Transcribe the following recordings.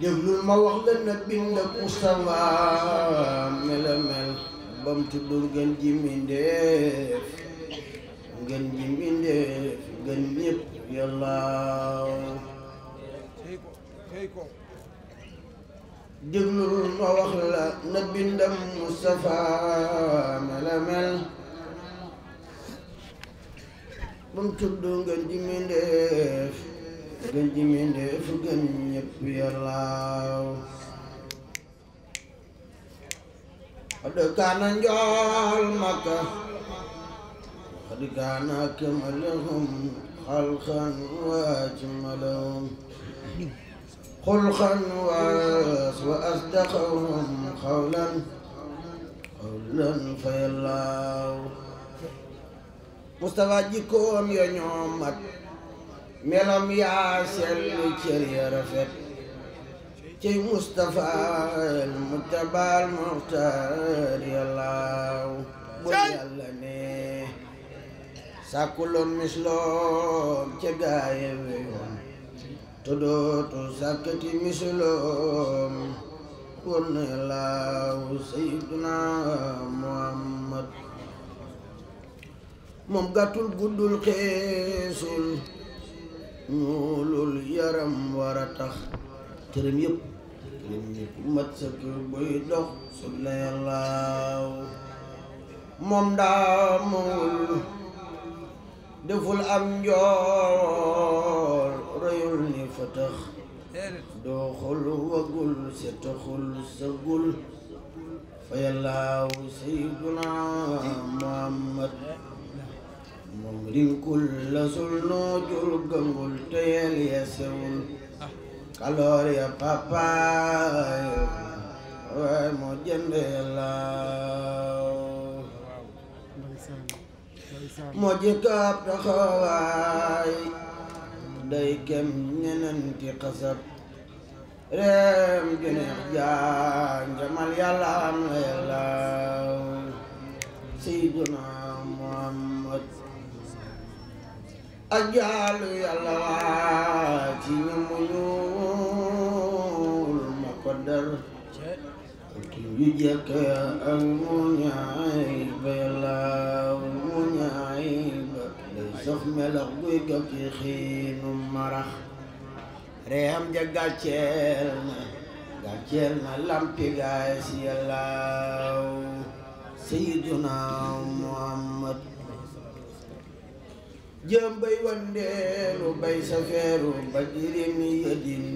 déglul ma wax la na bind ak Moustapha mela mel bam tudd ngeen ji mbindéef ngeen ji mbindéef ngeen ñëpp yàllaaw déglul ma wax la na bindam gën ji mindéef gën ñépp yàllaaw xad kaana njool makka xad kaana kamalahum xalqan wa ajmalahum xulqan wa asdaqahum xawlan xawlan fa yàllaaw Mustafa jikkoom ya ñoo mat melam yaa sellu cër cey Mustafa al Mujtaba Muxtaar yallaaw bu yàlla ne sàkkuloon misloom ca gaaye weyoon te dootu sàkkati misloom kon yallaaw Sayyiduna Muhammad moom gàttul guddul xeesul ñuulul yaram war a tax cërëm yëpp cërëm yëpp mat buy dox soble yàllaaw moom daa deful am njoor rëyul ni fa tax dooxul wagul setaxul sagul fa yàllaaw sayduna muhammad mumrin kulla sul noo jul gëngul teyel ya sewul kaloor ya papaay waay moo jëndee laaw moo jëkkaab taxawaay day kem ñeneen ki xasab reem juneex jaan jamal yàlla am la yàllaaw sayduna ajaalu yàlla waa ci ñu mu ma ko dar ki ñu jëkk ak mu ba yàlla mu ba day sax melax buy gab ci xiinu marax ja gàcceel na gàcceel na lampi gaay si yàlla sayyiduna muhammad jëmbay wandeelu bay sa feeru ba jirim yëdin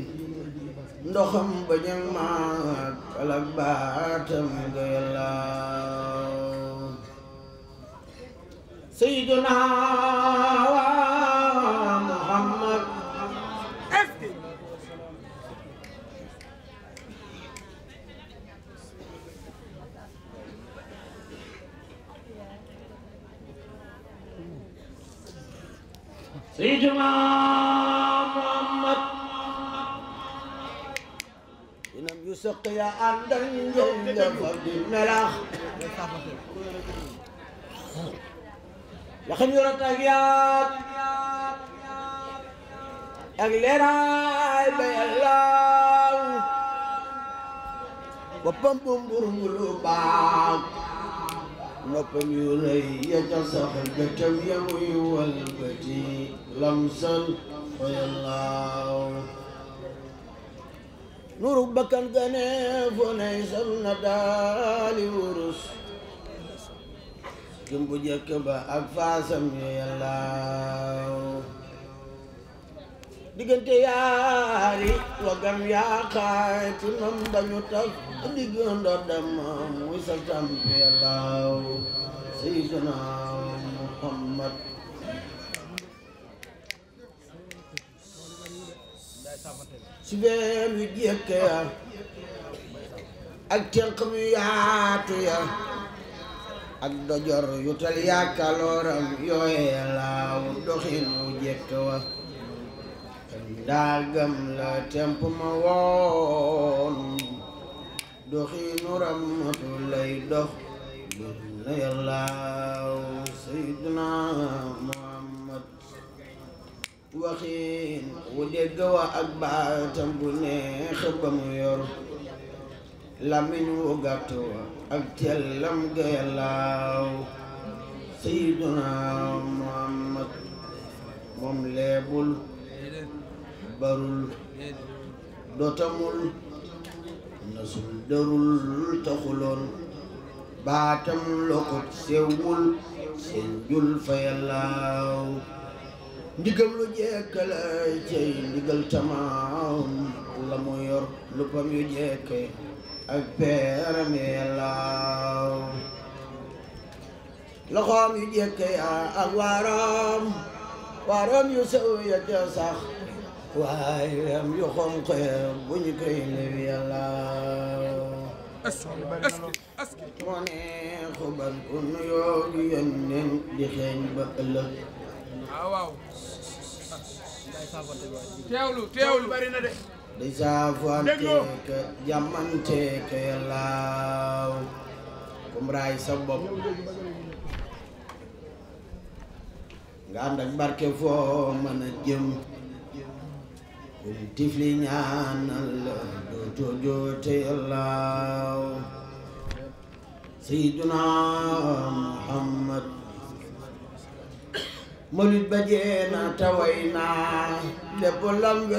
ndoxam ba ñang maak alak baatam ga yàlla sayyiduna سيدنا محمد إنم يسق يا أندن جند فرد الملاخ لخم يرتاك يا أغلرا بي الله وبم بم برم noppam yu rëy ya ca nay sol na daali wurus kim bu jëkk ba ak faasam yu yallaaw diggante yaari wagam yaakaay ci mam dañu tas diggoon do dem muy sa tampi yàllaaw sayyidina Muhammad si been wi jekk ya ak tenq mi yaatu ya ak dojor yu tal yaakaalooram yooye yàllaaw doxin wu jekk wa daal la temp woon doxiinu ramatu lay dox na muhammad waxiin wu dégg wa ak baatam bu neex ba mu yor lamiñ wu gàtt wa ak cellam ga yàllaaw sayyiduna muhammad moom leebul barul dotamul nasul darul taxuloon baatam lokot sewul seen jul fa yàllaaw ndigal lu jekkala cay ndigal tamaam la mu yor lu yu jekke ak peeram yàllaaw loxoom yu jekke ak waaram waaram yu sew ya sax waaye am yu bu ñu koy lew yàlla moo ne xubar ku nuyoo di yónneen di xeeñ ba ëllëg ah, teewlu teewlu bari na de di saafanteek jàmmanteek yàlla kum raay sa bopp nga ànd ak barke foo mën a jëm tifli ñaanal dooto joote allah sayyiduna muhammad mulit ba tawayna lépp lam be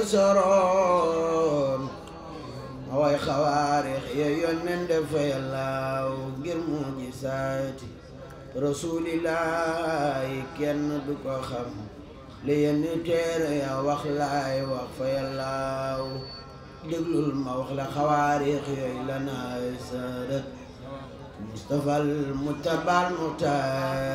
ma way xawaarix ya yonnen defa yàllaw ngir mu saati rasulillahi kenn du ko xam li yenn téere wax laay wax fa yàllaaw déglul ma wax la xawaarix yooyu la naay sërët Mustapha al Mutabal Muxtaar